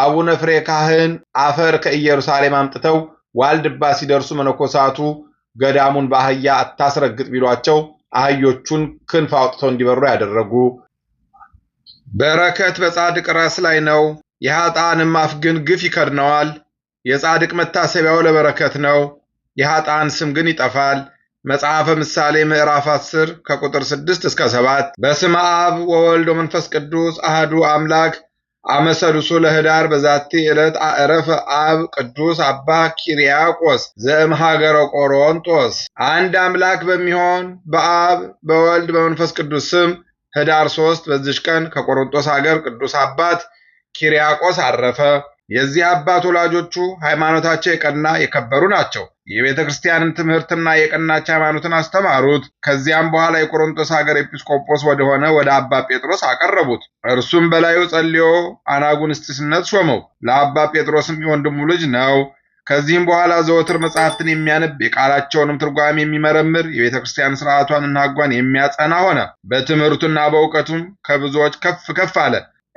አቡነ ፍሬ ካህን አፈር ከኢየሩሳሌም አምጥተው ዋልድባ ሲደርሱ መነኮሳቱ ገዳሙን በአህያ አታስረግጥ ቢሏቸው አህዮቹን ክንፍ አውጥተው እንዲበሩ ያደረጉ። በረከት በጻድቅ ራስ ላይ ነው፣ የኃጥአንም አፍ ግን ግፍ ይከድነዋል። የጻድቅ መታሰቢያው ለበረከት ነው፣ የኃጥአን ስም ግን ይጠፋል። መጽሐፈ ምሳሌ ምዕራፍ 10 ከቁጥር 6 እስከ 7። በስመ አብ ወወልድ ወመንፈስ ቅዱስ አህዱ አምላክ አመሰልሶ ለህዳር በዛቲ ዕለት አእረፈ አብ ቅዱስ አባ ኪርያቆስ ዘእም ሀገረ ቆሮንጦስ። አንድ አምላክ በሚሆን በአብ በወልድ በመንፈስ ቅዱስ ስም ህዳር ሶስት በዚች ቀን ከቆሮንጦስ ሀገር ቅዱስ አባት ኪርያቆስ አረፈ። የዚህ አባት ወላጆቹ ሃይማኖታቸው የቀና የከበሩ ናቸው። የቤተ ክርስቲያንን ትምህርትና የቀናች ሃይማኖትን አስተማሩት። ከዚያም በኋላ የቆሮንቶስ ሀገር ኤጲስቆጶስ ወደሆነ ወደ አባ ጴጥሮስ አቀረቡት። እርሱም በላዩ ጸልዮ አናጉንስጢስነት ሾመው። ለአባ ጴጥሮስም የወንድሙ ልጅ ነው። ከዚህም በኋላ ዘወትር መጽሐፍትን የሚያነብ የቃላቸውንም ትርጓሜ የሚመረምር የቤተ ክርስቲያን ስርዓቷንና ሕጓን የሚያጸና ሆነ። በትምህርቱና በእውቀቱም ከብዙዎች ከፍ ከፍ አለ።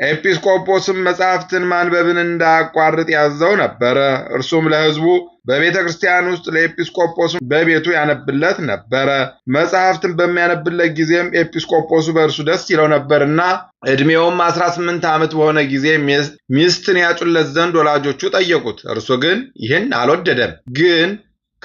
ኤጲስቆጶስም መጻሕፍትን ማንበብን እንዳያቋርጥ ያዘው ነበረ። እርሱም ለሕዝቡ በቤተ ክርስቲያን ውስጥ ለኤጲስቆጶስ በቤቱ ያነብለት ነበረ። መጽሐፍትን በሚያነብለት ጊዜም ኤጲስቆጶሱ በእርሱ ደስ ይለው ነበርና ዕድሜውም አስራ ስምንት ዓመት በሆነ ጊዜ ሚስትን ያጩለት ዘንድ ወላጆቹ ጠየቁት። እርሱ ግን ይህን አልወደደም። ግን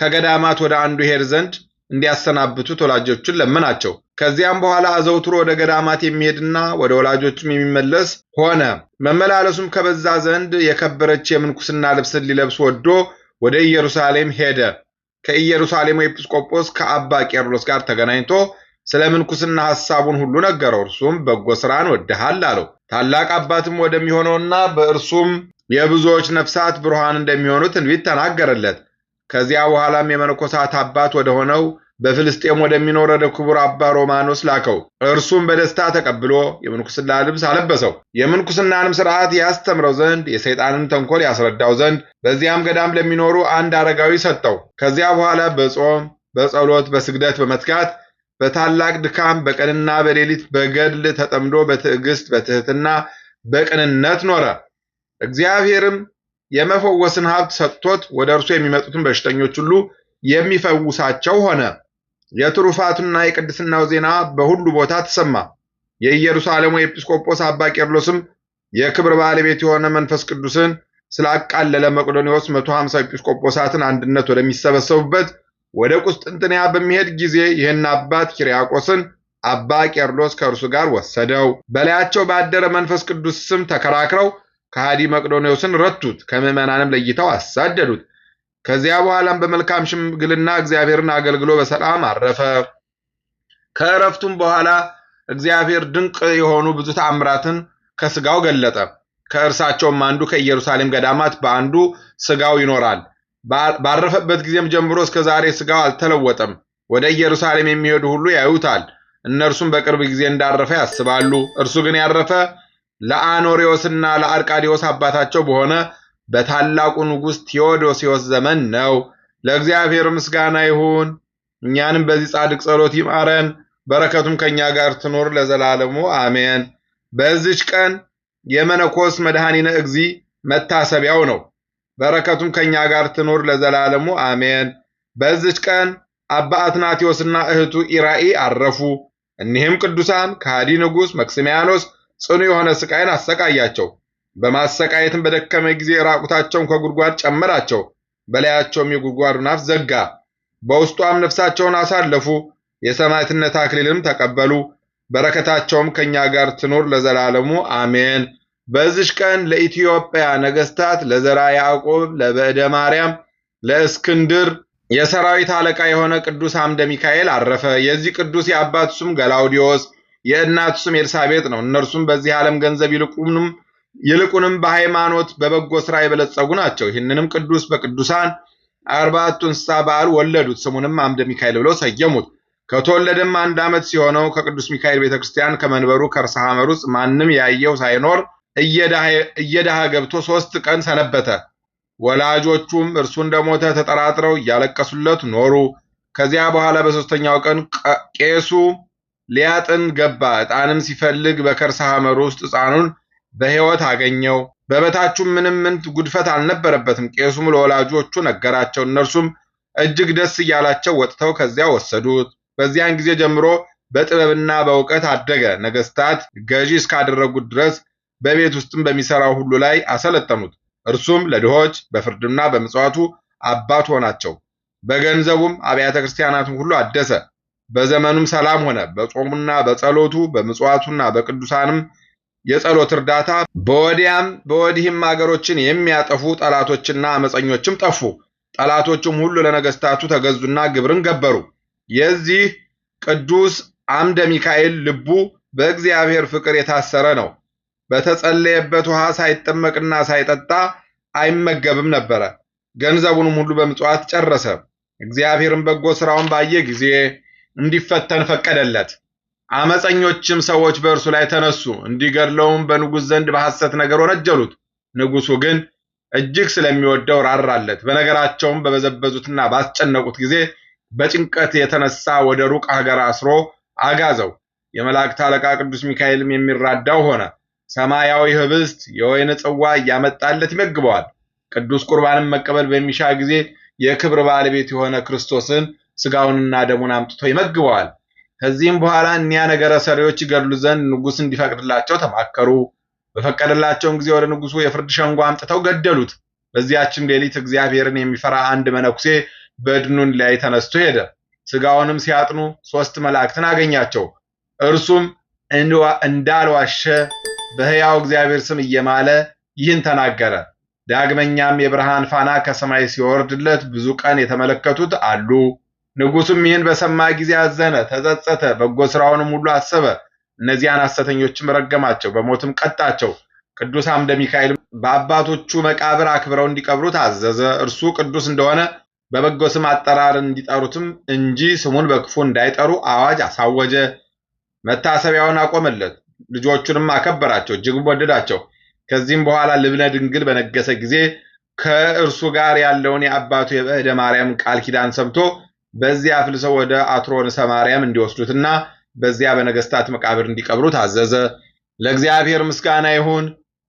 ከገዳማት ወደ አንዱ ሄድ ዘንድ እንዲያሰናብቱት ወላጆቹን ለመናቸው። ከዚያም በኋላ አዘውትሮ ወደ ገዳማት የሚሄድና ወደ ወላጆቹም የሚመለስ ሆነ። መመላለሱም ከበዛ ዘንድ የከበረች የምንኩስና ልብስን ሊለብስ ወዶ ወደ ኢየሩሳሌም ሄደ። ከኢየሩሳሌሙ ኤጲስቆጶስ ከአባ ቄርሎስ ጋር ተገናኝቶ ስለ ምንኩስና ሐሳቡን ሁሉ ነገረው። እርሱም በጎ ሥራን ወድሃል አለው። ታላቅ አባትም ወደሚሆነውና በእርሱም የብዙዎች ነፍሳት ብርሃን እንደሚሆኑ ትንቢት ተናገረለት። ከዚያ በኋላም የመነኮሳት አባት ወደ ሆነው በፍልስጤም ወደሚኖር ወደ ክቡር አባ ሮማኖስ ላከው። እርሱም በደስታ ተቀብሎ የምንኩስና ልብስ አለበሰው። የምንኩስናንም ሥርዓት ያስተምረው ዘንድ የሰይጣንን ተንኮል ያስረዳው ዘንድ በዚያም ገዳም ለሚኖሩ አንድ አረጋዊ ሰጠው። ከዚያ በኋላ በጾም በጸሎት በስግደት በመትጋት በታላቅ ድካም በቀንና በሌሊት በገድል ተጠምዶ በትዕግስት በትህትና በቅንነት ኖረ። እግዚአብሔርም የመፈወስን ሀብት ሰጥቶት ወደ እርሱ የሚመጡትን በሽተኞች ሁሉ የሚፈውሳቸው ሆነ። የትሩፋቱና የቅድስናው ዜና በሁሉ ቦታ ተሰማ። የኢየሩሳሌሙ ኤጲስቆጶስ አባ ቄርሎስም የክብር ባለቤት የሆነ መንፈስ ቅዱስን ስላቃለለ መቅዶኒዎስ መቶ ኤጲስቆጶሳትን አንድነት ወደሚሰበሰቡበት ወደ ቁስጥንጥንያ በሚሄድ ጊዜ ይህን አባት ኪርያቆስን አባ ቄርሎስ ከእርሱ ጋር ወሰደው። በላያቸው ባደረ መንፈስ ቅዱስ ስም ተከራክረው ከሃዲ መቅዶኔዎስን ረቱት፣ ከምዕመናንም ለይተው አሳደዱት። ከዚያ በኋላም በመልካም ሽምግልና እግዚአብሔርን አገልግሎ በሰላም አረፈ። ከእረፍቱም በኋላ እግዚአብሔር ድንቅ የሆኑ ብዙ ተአምራትን ከስጋው ገለጠ። ከእርሳቸውም አንዱ ከኢየሩሳሌም ገዳማት በአንዱ ስጋው ይኖራል። ባረፈበት ጊዜም ጀምሮ እስከ ዛሬ ስጋው አልተለወጠም። ወደ ኢየሩሳሌም የሚሄዱ ሁሉ ያዩታል። እነርሱም በቅርብ ጊዜ እንዳረፈ ያስባሉ። እርሱ ግን ያረፈ ለአኖሪዎስና ለአርቃዲዎስ አባታቸው በሆነ በታላቁ ንጉሥ ቴዎዶሲዎስ ዘመን ነው። ለእግዚአብሔር ምስጋና ይሁን። እኛንም በዚህ ጻድቅ ጸሎት ይማረን፣ በረከቱም ከእኛ ጋር ትኖር ለዘላለሙ አሜን። በዚች ቀን የመነኮስ መድኃኒነ እግዚ መታሰቢያው ነው። በረከቱም ከእኛ ጋር ትኖር ለዘላለሙ አሜን። በዚች ቀን አባ አትናቴዎስና እህቱ ኢራኢ አረፉ። እኒህም ቅዱሳን ከሃዲ ንጉሥ መክስሚያኖስ ጽኑ የሆነ ስቃይን አሰቃያቸው። በማሰቃየትም በደከመ ጊዜ ራቁታቸውን ከጉድጓድ ጨመራቸው። በላያቸውም የጉድጓዱን አፍ ዘጋ። በውስጧም ነፍሳቸውን አሳለፉ። የሰማዕትነት አክሊልም ተቀበሉ። በረከታቸውም ከእኛ ጋር ትኑር ለዘላለሙ አሜን። በዚች ቀን ለኢትዮጵያ ነገሥታት ለዘራ ያዕቆብ፣ ለበእደ ማርያም፣ ለእስክንድር የሰራዊት አለቃ የሆነ ቅዱስ አምደ ሚካኤል አረፈ። የዚህ ቅዱስ የአባቱ ስም ገላውዲዮስ የእናቱ ስም ኤልሳቤጥ ነው። እነርሱም በዚህ ዓለም ገንዘብ ይልቁንም ይልቁንም በሃይማኖት በበጎ ስራ የበለጸጉ ናቸው። ይህንንም ቅዱስ በቅዱሳን አርባቱ እንስሳ በዓል ወለዱት። ስሙንም አምደ ሚካኤል ብለው ሰየሙት። ከተወለደም አንድ ዓመት ሲሆነው ከቅዱስ ሚካኤል ቤተ ክርስቲያን ከመንበሩ ከርሰ ሐመር ውስጥ ማንም ያየው ሳይኖር እየዳሃ ገብቶ ሦስት ቀን ሰነበተ። ወላጆቹም እርሱ እንደሞተ ተጠራጥረው እያለቀሱለት ኖሩ። ከዚያ በኋላ በሶስተኛው ቀን ቄሱ ሊያጥን ገባ። ዕጣንም ሲፈልግ በከርሰ ሐመር ውስጥ ሕፃኑን በሕይወት አገኘው። በበታቹም ምንም ምን ጉድፈት አልነበረበትም። ቄሱም ለወላጆቹ ነገራቸው። እነርሱም እጅግ ደስ እያላቸው ወጥተው ከዚያ ወሰዱት። በዚያን ጊዜ ጀምሮ በጥበብና በእውቀት አደገ። ነገስታት ገዢ እስካደረጉት ድረስ በቤት ውስጥም በሚሰራው ሁሉ ላይ አሰለጠኑት። እርሱም ለድሆች በፍርድና በምጽዋቱ አባት ሆናቸው። በገንዘቡም አብያተ ክርስቲያናትን ሁሉ አደሰ። በዘመኑም ሰላም ሆነ። በጾሙና በጸሎቱ በምጽዋቱና በቅዱሳንም የጸሎት እርዳታ በወዲያም በወዲህም አገሮችን የሚያጠፉ ጠላቶችና አመፀኞችም ጠፉ። ጠላቶቹም ሁሉ ለነገስታቱ ተገዙና ግብርን ገበሩ። የዚህ ቅዱስ አምደ ሚካኤል ልቡ በእግዚአብሔር ፍቅር የታሰረ ነው። በተጸለየበት ውሃ ሳይጠመቅና ሳይጠጣ አይመገብም ነበረ። ገንዘቡንም ሁሉ በምጽዋት ጨረሰ። እግዚአብሔርን በጎ ሥራውን ባየ ጊዜ እንዲፈተን ፈቀደለት። አመፀኞችም ሰዎች በእርሱ ላይ ተነሱ፣ እንዲገድለውም በንጉሥ ዘንድ በሐሰት ነገር ወነጀሉት። ንጉሡ ግን እጅግ ስለሚወደው ራራለት። በነገራቸውም በበዘበዙትና ባስጨነቁት ጊዜ በጭንቀት የተነሳ ወደ ሩቅ ሀገር አስሮ አጋዘው። የመላእክት አለቃ ቅዱስ ሚካኤልም የሚራዳው ሆነ። ሰማያዊ ህብስት፣ የወይን ጽዋ እያመጣለት ይመግበዋል። ቅዱስ ቁርባንን መቀበል በሚሻ ጊዜ የክብር ባለቤት የሆነ ክርስቶስን ስጋውንና ደሙን አምጥቶ ይመግበዋል። ከዚህም በኋላ እኒያ ነገረ ሰሪዎች ይገድሉ ዘንድ ንጉስ እንዲፈቅድላቸው ተማከሩ። በፈቀደላቸውን ጊዜ ወደ ንጉሱ የፍርድ ሸንጎ አምጥተው ገደሉት። በዚያችም ሌሊት እግዚአብሔርን የሚፈራ አንድ መነኩሴ በድኑን ላይ ተነስቶ ሄደ። ስጋውንም ሲያጥኑ ሶስት መላእክትን አገኛቸው። እርሱም እንዳልዋሸ በሕያው እግዚአብሔር ስም እየማለ ይህን ተናገረ። ዳግመኛም የብርሃን ፋና ከሰማይ ሲወርድለት ብዙ ቀን የተመለከቱት አሉ። ንጉሱም ይህን በሰማ ጊዜ አዘነ፣ ተጸጸተ፣ በጎ ስራውንም ሁሉ አሰበ። እነዚያን ሐሰተኞችም ረገማቸው፣ በሞትም ቀጣቸው። ቅዱስ አምደ ሚካኤል በአባቶቹ መቃብር አክብረው እንዲቀብሩት አዘዘ። እርሱ ቅዱስ እንደሆነ በበጎ ስም አጠራር እንዲጠሩትም እንጂ ስሙን በክፉ እንዳይጠሩ አዋጅ አሳወጀ። መታሰቢያውን አቆመለት፣ ልጆቹንም አከበራቸው፣ እጅግም ወደዳቸው። ከዚህም በኋላ ልብነ ድንግል በነገሰ ጊዜ ከእርሱ ጋር ያለውን የአባቱ የበዕደ ማርያም ቃል ኪዳን ሰምቶ በዚያ አፍልሰው ወደ አትሮንሰ ማርያም እንዲወስዱትና በዚያ በነገስታት መቃብር እንዲቀብሩ ታዘዘ ለእግዚአብሔር ምስጋና ይሁን።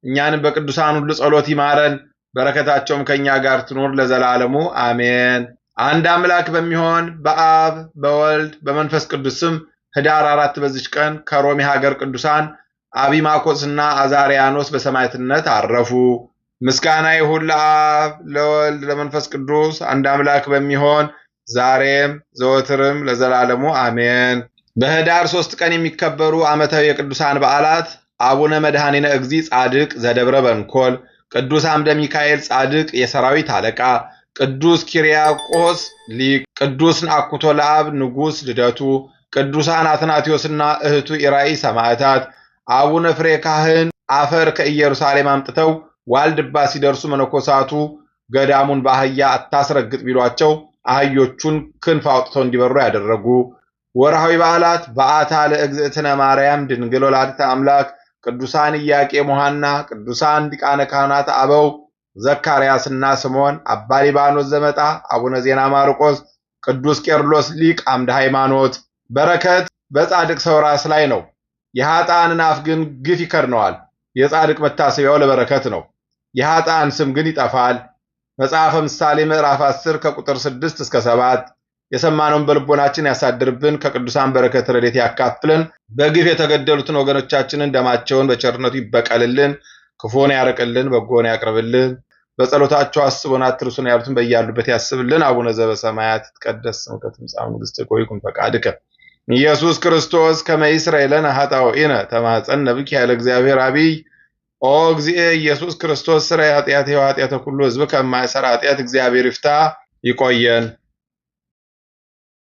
እኛንም በቅዱሳን ሁሉ ጸሎት ይማረን፣ በረከታቸውም ከእኛ ጋር ትኖር ለዘላለሙ አሜን። አንድ አምላክ በሚሆን በአብ በወልድ በመንፈስ ቅዱስ ስም ህዳር አራት በዚች ቀን ከሮሜ ሀገር ቅዱሳን አቢማኮስና አዛሪያኖስ በሰማዕትነት አረፉ። ምስጋና ይሁን ለአብ ለወልድ ለመንፈስ ቅዱስ አንድ አምላክ በሚሆን ዛሬም ዘወትርም ለዘላለሙ አሜን። በህዳር ሶስት ቀን የሚከበሩ ዓመታዊ የቅዱሳን በዓላት አቡነ መድኃኒነ እግዚ ጻድቅ ዘደብረ በንኮል፣ ቅዱስ አምደ ሚካኤል ጻድቅ የሰራዊት አለቃ፣ ቅዱስ ኪሪያቆስ ሊቅ፣ ቅዱስ ናኩቶ ለአብ ንጉሥ ልደቱ፣ ቅዱሳን አትናቴዎስና እህቱ ኢራኢ ሰማዕታት። አቡነ ፍሬ ካህን አፈር ከኢየሩሳሌም አምጥተው ዋልድባ ሲደርሱ መነኮሳቱ ገዳሙን በአህያ አታስረግጥ ቢሏቸው አህዮቹን ክንፍ አውጥተው እንዲበሩ ያደረጉ ወርሃዊ በዓላት በዓታ ለእግዝእትነ ማርያም ድንግል ወላዲተ አምላክ ቅዱሳን እያቄ ሞሐና ቅዱሳን ዲቃነ ካህናት አበው ዘካርያስና ስምዖን አባ ሊባኖስ ዘመጣ አቡነ ዜና ማርቆስ ቅዱስ ቄርሎስ ሊቅ አምደ ሃይማኖት በረከት በጻድቅ ሰው ራስ ላይ ነው የኃጥአንን አፍ ግን ግፍ ይከድነዋል የጻድቅ መታሰቢያው ለበረከት ነው የሃጣን ስም ግን ይጠፋል መጽሐፈ ምሳሌ ምዕራፍ 10 ከቁጥር 6 እስከ 7 የሰማነውን በልቦናችን ያሳድርብን፣ ከቅዱሳን በረከት ረድኤት ያካፍለን፣ በግፍ የተገደሉትን ወገኖቻችንን ደማቸውን በቸርነቱ ይበቀልልን፣ ክፉን ያርቅልን፣ በጎን ያቅርብልን። በጸሎታቸው አስቦን አትርሱን ያሉትን በያሉበት ያስብልን። አቡነ ዘበሰማያት ይትቀደስ ስምከ ትምጻእ መንግሥትከ ወይኩን ፈቃድከ ኢየሱስ ክርስቶስ ከመ ይስረይ ለነ ኃጣውኢነ ተማኅፀነ ብኪ ኃይለ እግዚአብሔር አብይ ኦ እግዚእ ኢየሱስ ክርስቶስ ስራ ኃጢአት ኃጢአተ ኩሉ ህዝብ ከማይሰራ ኃጢአት እግዚአብሔር ይፍታ። ይቆየን።